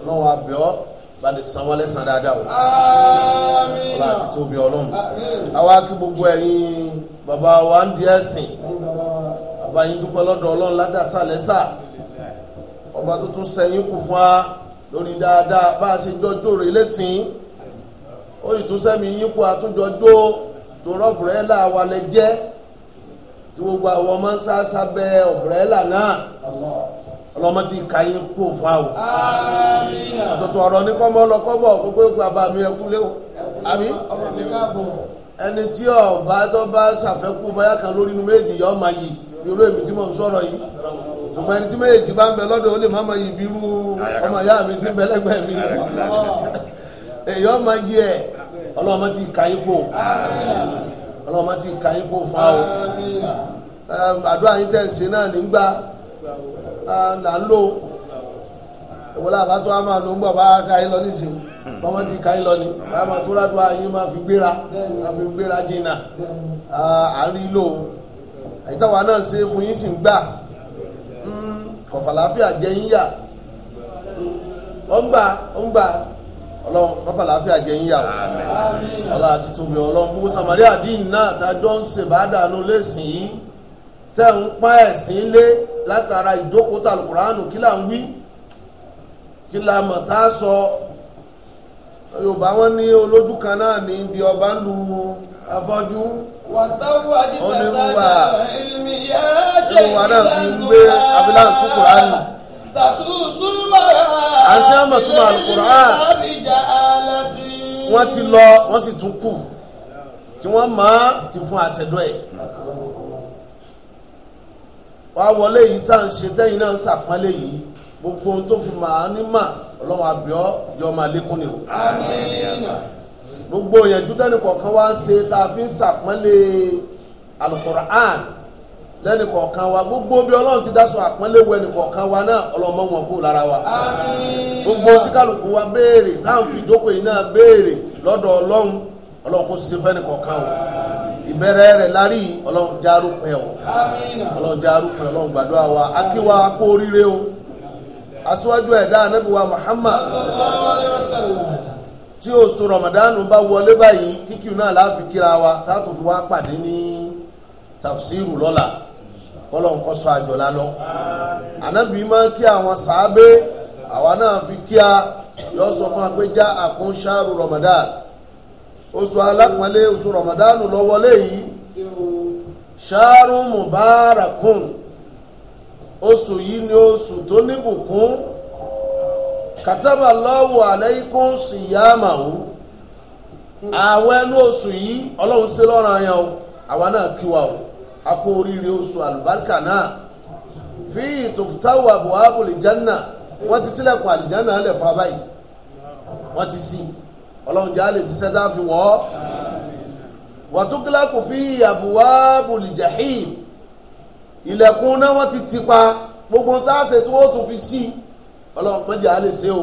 ọlọ́run àbẹ̀ọ́ bá lè san wọ́n lẹ́sàn dáadáa o ọlá àti tóbi ọlọ́run àwa kí gbogbo ẹ̀yin bàbá wa ń di ẹ̀sìn bàbá yín dúpẹ́ lọ́dọ̀ ọlọ́run ládàá sálẹ́sà ọba tuntun sẹ́yìn kù fún wa lórí dáadáa bá a ṣe jọjọ́ rẹ̀ lẹ́sìn ó ìtúnṣẹ́mi yín kú àtúnjọjọ́ tó rọ́bùrẹ́là wa lẹ tí gbogbo àwọn ọmọ ń sá sábẹ́ ọ̀bùrẹ́là náà ọlọ́mọ ti kà yín kú fún wa o àtọ̀tọ̀ ọ̀rọ̀ ní kọ́mọ́ lọ́kọ́bọ̀ gbogbo bàbá mi ẹkú lé o àbí ẹni tí ọba tó bá ṣàfẹ́kù báyà kan lórí inú méjì yọ ọmọ yìí irú èmi tí mò ń sọ̀rọ̀ yìí. ṣùgbọ́n ẹni tí méjèèjì bá ń bẹ lọ́dọ̀ ó lè ibi irú ọmọ ìyá mi ti ń bẹ lẹ́gbẹ̀ẹ́ mi èyí ọmọ yí ẹ ọlọ́mọ ti ka ipò ti ka ipò fa o àdúrà yín tẹ̀sí náà nígbà là ń a máa lo ń gbọ̀ bá ka yín lọ nísìnyí ti lọ ni tó ládùúgbò fi gbéra ma fi gbéra jìnnà à ń rí lò náà fún yín kọ̀fàlàáfíà jẹ́ yíyà ó ń gbà ó ń gbà ọlọ́run mọ́fàlàáfíà jẹ́ yíyà ọlá àti tóbi ọlọ́run gbogbo samaria dín náà tájọ́ ń ṣe bàdánù lẹ́sìn yìí tẹ́ ń pa ẹ̀sìn lé látara ìjókòó tàlùkùránù kí là ń wí kí la mọ̀ tá a sọ yorùbá wọn ní olójú kan náà ní ibi ọba ń lu afọ́jú oníwúwà olùwà náà fi ń gbé abilá ń tún kùránì. àti àmọ̀ túmọ̀ alukùránì wọ́n ti lọ wọ́n sì tún kù tí wọ́n mọ̀ ti fún àtẹ̀dọ́ ẹ̀ wá wọlé yìí tá à ń ṣe tẹ́yìn náà ń sàpọ́nlé yìí gbogbo ohun tó fi màá ní mà ọlọ́run àbíọ́ jọ máa lékún ni o. àmín. gbogbo òyìnjú tẹ́nìkọ̀ọ̀kan wá ń ṣe tá a fi ń ṣàpọ́nlé alukur'an lẹ́nìkọ̀ọ̀kan wa gbogbo bí ọlọ́run ti dá sọ àpọ́nlé wọ ẹnìkọ̀ọ̀kan wa náà ọlọ́mọ wọn kú wa gbogbo tí kálukú wa béèrè táwọn fi jókòó yìí náà béèrè lọ́dọ̀ ọlọ́run ọlọ́run o ìbẹ̀rẹ̀ rẹ̀ lárí ọlọ́run ọlọ́run ọlọ́run gbàdúrà wa akíwa kó oríire o Muhammad tí oṣù Ramadan bá wọlé báyìí kíkìú náà láàfin kíra wa táàtò fi wá pàdé ní tafsiru lọ́la kọ́lọ̀ ń kọ́ àjọlá lọ. ànábì máa ń kí àwọn sàábé àwa náà fi kíá yọ sọ fún wa pé já Ramadan oṣù alápọ̀nlé oṣù Ramadan lọ wọlé yìí ṣáàrù mubarakun oṣù yìí ni oṣù tó níbùkún. kàtàbà lọ́wọ́ àlẹ́kùn síyámàwó àwọn ẹnu oṣù yìí ọlọ́run ṣe lọ́ràn yẹn o àwa náà kíwa o a kó oríire oṣù àlùbáríkà náà fi ìtòfútáwò àbúhábù lè jẹ́nà wọ́n ti sílẹ̀kùn àlìjẹ́nà lẹ̀ fún abáyì wọ́n ti sí ọlọ́run já lè ṣiṣẹ́ dá fi wọ́ wàtúkìlákù fi àbúhábù lè jahim ilẹ̀kùn náà wọ́n ti tipa gbogbo táàṣẹ̀ tí wọ́n tún fi sí i ọlọ́run kọjá a lè ṣe o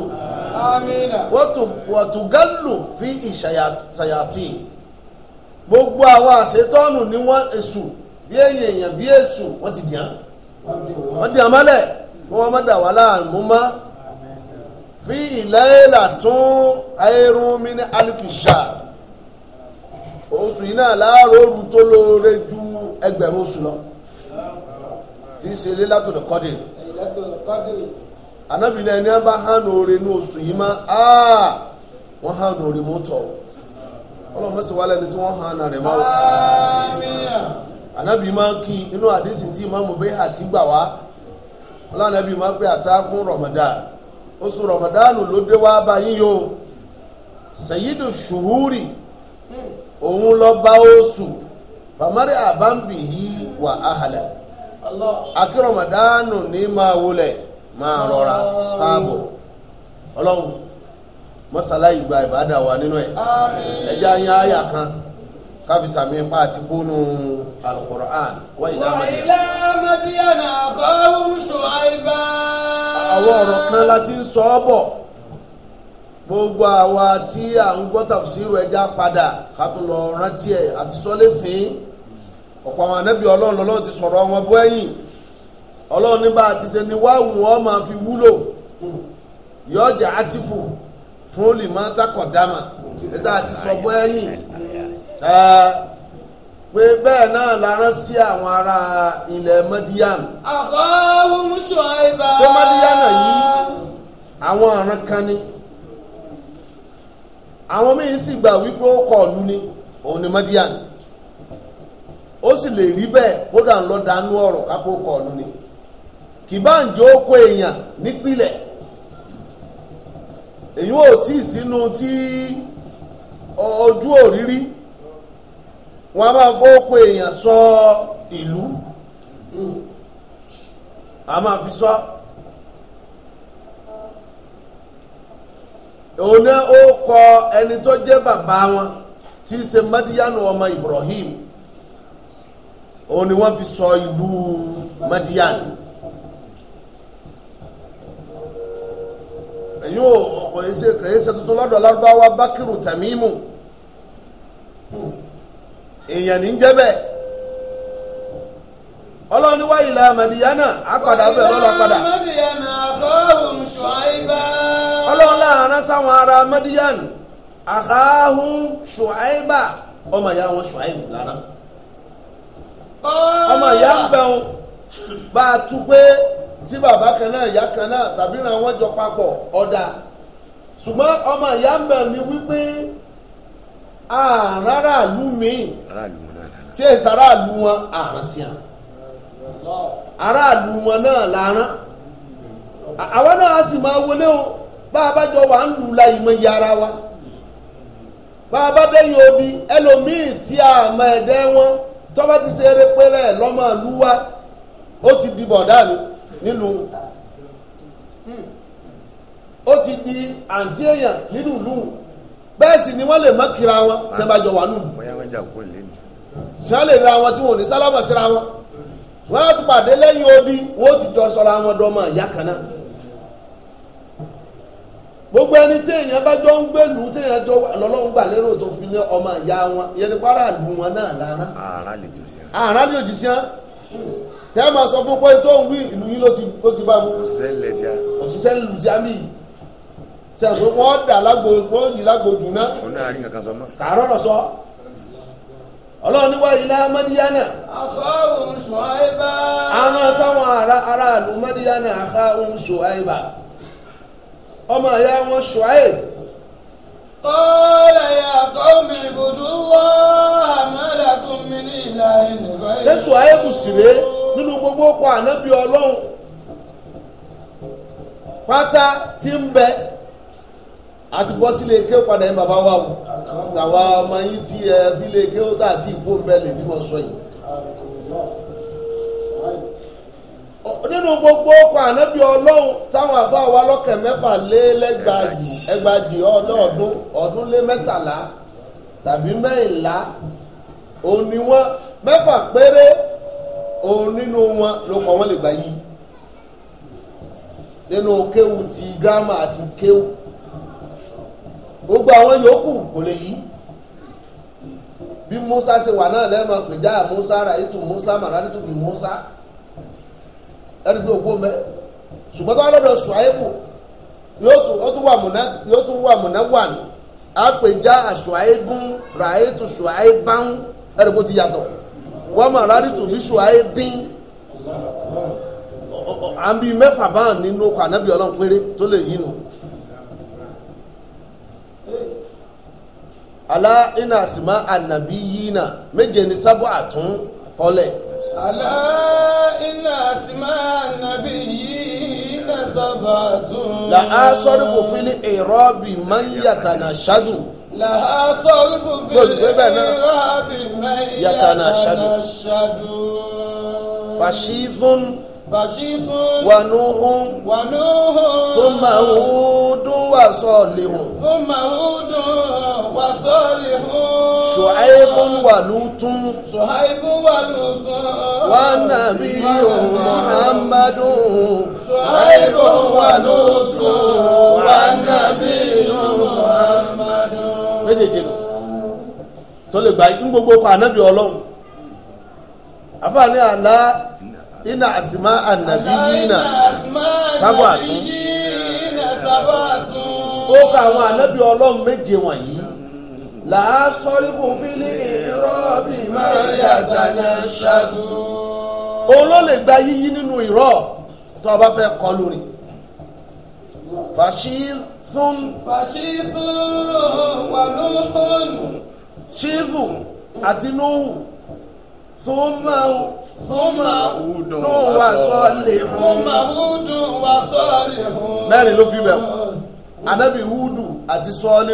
wọ́tùgálù fi ìṣàyàtì gbogbo àwọn àṣetọ́nù ni wọ́n èṣù bí èyàn èyàn bí èṣù wọ́n ti dìán wọ́n dìán mọ́lẹ̀ kí wọ́n má dà wá láàmú mọ́ fi ìlẹ́ẹ̀là tún ayérún mi ní alifisha oṣù iná láàrọ̀rù tó lóore ju ẹgbẹ̀rún oṣù lọ tí í ṣe lé látòdò kọ́dìrì anábìnrin ẹni bá hàn oore ní oṣù yìí aaa wọ́n hàn oore mọ́tọ̀ ọlọ́run mọ́sí wálẹ̀ ní tí wọ́n hàn rẹ̀ máa ma anábì máa ń kí inú àdísì tí ìmáàmù bẹ́ àkí gbà wá ọlọ́nàbì máa pẹ́ àtàkùn Ramadan oṣù Ramadan ló dé wá bá yín yóò sẹ̀yídù ṣùhúrì òun lọ bá oṣù bàmárì ní ma máa rọra káàbọ̀ ọlọ́run mọ́sálá ìgbà ìbádà wa nínú ẹ̀ ẹjá yá àyà kan káfíìsàmì ipá àti kúnú alukur'an wà ìlà mọ́díyànà àkọ́hún ṣùgbọ́n àwọn ọ̀rọ̀ kan láti ń sọ ọ́ bọ̀ gbogbo àwa tí à ń gbọ́ tàfsírù ẹja padà ká tún lọ rántí ẹ̀ àti sọ́lé sí ọ̀pọ̀ àwọn anábì ọlọ́run lọ́lọ́run ti sọ̀rọ̀ wọn bú ẹ̀yìn ọlọ́run níbà àti ṣe ni wáwù wọn máa fi wúlò yọjà àtìfù fún lìmọ́tà kọ̀dámà níta àti sọ̀bọ́ ẹ̀yìn pé bẹ́ẹ̀ náà la rán sí àwọn ará ilẹ̀ mọ́díyàn. àkọ́hùn ṣùgbọ́n. ṣé mọ́díyàn yìí àwọn ọ̀ràn kan ni àwọn míì sì gbà wípé ó kọ̀ ọ̀lú ni òun ni mọ́díyàn ó sì lè rí bẹ́ẹ̀ kódà ńlọ dánú ọ̀rọ̀ kápó kọ̀ ọ̀lú ni kìbáǹjẹ́ ó kó èèyàn nípìlẹ̀ èyí ò tí ì sínú tí ojú òrírí wọn a máa fọ́ kó èèyàn sọ ìlú a máa fi sọ òun náà ó kọ ẹni tó jẹ́ bàbá wọn tí í ṣe Mádíyánù ọmọ Ibrahim òun ni wọ́n fi sọ ìlú Mádíyánù. ẹ̀yìn ọkọ̀ kẹ̀yẹsẹ̀ tuntun lọ́dọ̀ lárúbáwá bákìrù tàmímù èèyàn ní jẹ́ bẹ́ẹ̀ ọlọ́ni wá ìlà màdìyánà àpàdà bẹ́ẹ̀ sáwọn ará madiyan àkáhùn ṣùáìbà ọmọ ìyá wọn ṣùáìbù lára ọmọ ìyá ń bẹ̀rùn bá a tú pé tí bàbá kan náà ìyá kan náà tàbí ra wọn jọ papọ̀ ọ̀dà ṣùgbọ́n ọmọ ìyá ń bẹ̀ ni wípé àràrà ìlú tí èsì aráàlú wọn àrán sí àrán aráàlú wọn náà lárán àwa náà a sì máa wọlé o bá a bá jọ wà ń la ìmọ̀ ìyá wa bá a bá dẹ́yìn ẹlòmíì tí a wọn tọ́ba ti ṣe eré lọ́mọ ìlú wa ó ti mi. nínú ó ti di àǹtí èèyàn nínú ìlú bẹ́ẹ̀ sì ni wọ́n lè mọ́ kira wọn wà nù. tí a lè ra wọn tí wọ́n ní sálámà síra wọn wọ́n á ti pàdé lẹ́yìn odi wọ́n ti jọ sọ́ra wọn dọ́mọ ìyá kan náà. gbogbo ẹni tí èèyàn bá jọ ń tí èèyàn jọ gbà lérò tó fi ní ọmọ ìyá wọn kwara wọn náà lára. àrà lè tẹ́ máa sọ fún pé tó ń wí ìlú yìí ló ti bá mú òṣìṣẹ́ lù jámì sẹ́yìn pé wọ́n dà lágbo wọ́n yìí lágbo jù náà òun náà rí nǹkan sọ mọ́ kàárọ̀rọ̀ sọ ọlọ́run níwá ilá mọ́díyánà àfáhùn ṣùáìbá àwọn sáwọn aráàlú mọ́díyánà àfáhùn ṣùáìbá ọmọ ìyá wọn ṣùáìbá قال يا قوم اعبدوا الله ما لكم من إله غيره ṣé Ṣùáìbù sìré nínú gbogbo ọkọ̀ àti bọ́ padà yín bàbá wa o tàwa ọmọ ẹ fi ó tà nínú gbogbo ọkọ̀ ànábì ọlọ́run táwọn àfa wa lọ́kẹ̀ mẹ́fà lé lẹ́gbàájì ẹgbàájì ọlọ́ọ̀dún ọdún lé mẹ́tàlá tàbí mẹ́rìnlá òun ni wọ́n mẹ́fà péré òun nínú wọn ló kọ́ wọ́n lè gbà yí nínú kéwu ti gírámà àti kéwu gbogbo àwọn yòókù kò lè yí bí Musa ṣe wà náà lẹ́ẹ̀mọ̀ pèjá Musa ràyítù Musa màràdítù bí Musa. ẹni tó gbó mẹ́ ṣùgbọ́n tó wà lọ́dọ̀ ṣùáìbù yóò tún wà múná wà ní ẹni ti yàtọ̀ wọ́n mọ̀ rárítù bí ṣùáìbín àbí mẹ́fà báà nínú ọkọ̀ ànábì ọlọ́run péré tó lè yí nù. alá iná àsìmá ànàbí yí nà méje ní sábà àtún kọ́lẹ̀. àlá iná àsìmá nàbí yìí lẹ́sàbà tún. là á sọ́rí kò ní ìrọ́bì máa ń ṣáàdù. là á sọ́rí kò ní ìrọ́bì máa ń yàtà náà ṣáàdù. fàṣífún. فشيخ ونوح ونوح ثم هود وصالح ثم هود وصالح ṣùháìbùn wà lútún ṣùháìbùn wà lútún wà nàbí muhammadun ṣùháìbùn wà lútún wà muhammadun. méjèèjì lò tó lè gbà ń gbogbo kọ ànábì ọlọ́run àfààní àlá iná àsìmá ànàbí yìí nà sábà tún ó kọ àwọn ànábì ọlọ́run méje wọ̀nyí. لا صرف في الإعراب ما يتنشد òun ló lè gba yíyí nínú ìrọ́ tó bá fẹ́ kọ lórí fàṣífún fàṣífún wà lóhùn ṣífù àti nóhù fúnmà fúnmà hùdùn wà sọ́ọ̀lì hùn mẹ́rin ló fi bẹ̀rù anábì hùdù àti sọ́ọ̀lì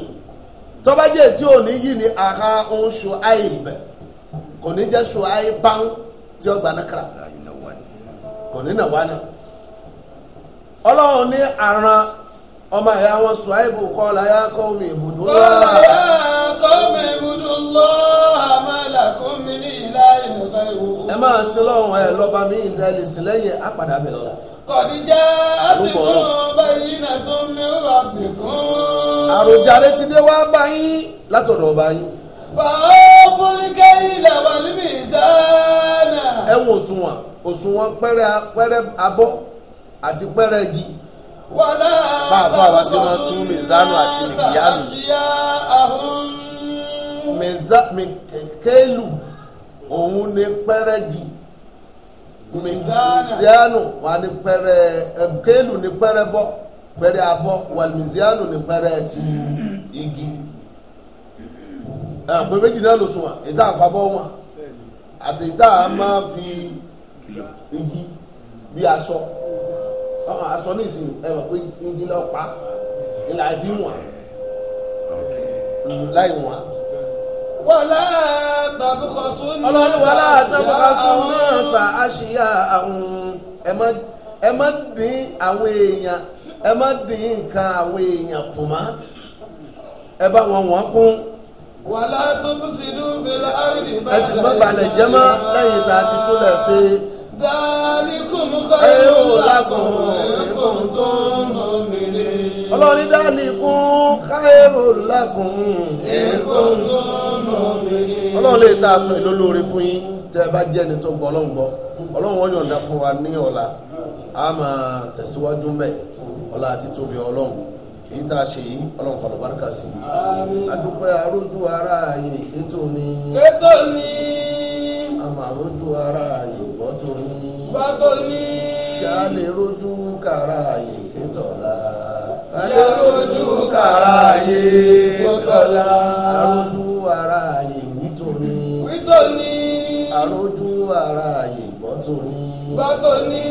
tó bá jẹ́ tí ò ní yìí ni àha ń Ṣuaib kò ní jẹ́ Ṣuaiban tí ó gbaná kra kò ní nà wá ni ọlọ́run ní àràn ọmọ ìyá wọn Ṣuaibu qala ya qawmi ibudullah. qala ya qawmi ibudullah ma lakum min ilahin ghayruhu. ẹ máa sin lọ́wọ́ ẹ lọ́ba mi ìdá ẹ lè sin lẹ́yìn bẹ̀rẹ̀ ọ̀la kọ̀díjà àtìkún báyìí náà tó mẹ́wàá bìkún. àròjàre ti dé wá bá látọ̀dọ̀ ọba yín. bàá ilẹ̀ wà níbi ẹ̀wọ̀n òṣùwọ̀n òṣùwọ̀n pẹ́rẹ́ abọ́ àti pẹ́rẹ́ igi bá a fún àwa sí tún mizanu àti mikiyalu mizanu òun ni pẹ́rẹ́gì mizianu wà ní pẹrẹ kéèlù ní pẹrẹ bọ pẹrẹ abọ wà mizianu ní pẹrẹ ti igi pé méjì náà ló sùn wà ìta àfàbọ wọn àti ìta máa fi igi bí aṣọ aṣọ ní ìsìn ẹ mọ̀ pé igi lọ pa ìlà ìfi wọn láì wọn wàlá tàbùkọ̀sùn náà. ọlọ́ni wàlá tàbùkọ̀sùn náà sà àṣìyà àwọn ẹ má dín àwọn èèyàn ẹ má dín nǹkan àwọn èèyàn kù mọ́ ẹ bá wọn wọ́n kún. wàlá tó tún sí inú bẹ́lá àrídì bá. ẹ sì jẹ́ mọ́ lẹ́yìn tá a ti tó lẹ̀ ṣe. dáálí kùn mú kọ́ lágùn ẹ̀kùn tó ń bọ̀ mí ọlọ́ni dálì kún káyọ̀ lákùn. ọlọ́run lè ta aṣọ ìlólóore fún yín tẹ́ ẹ bá jẹ́ ẹni tó gbọ́ ọlọ́run gbọ́ ọlọ́run wọ́n yọ̀ǹda fún wa ní ọ̀la a máa tẹ̀síwájú ń bẹ̀ ọlá àti tóbi ọlọ́run èyí tá a ṣe yìí ọlọ́run fọlọ́ bárúkà sí i adúpẹ́ arójú ara ààyè ètò ni ètò ni a máa rójú ara ààyè gbọ́tò ni gbọ́tò ni kí a lè rójú kàrà ààyè ètò alẹ́kọ̀ọ́jú kàrà ayé kọ́tọ́lá arójú ara ayé nítorí nítorí arójú ara ayé gbọ́tòní gbọ́tòní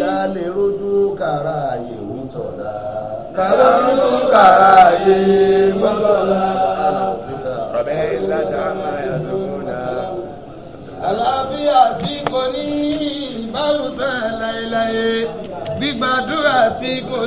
yá lè rójú kàrà ayé nítọ́lá kàrà rójú kàrà ayé gbọ́tọ́lá. kò ní.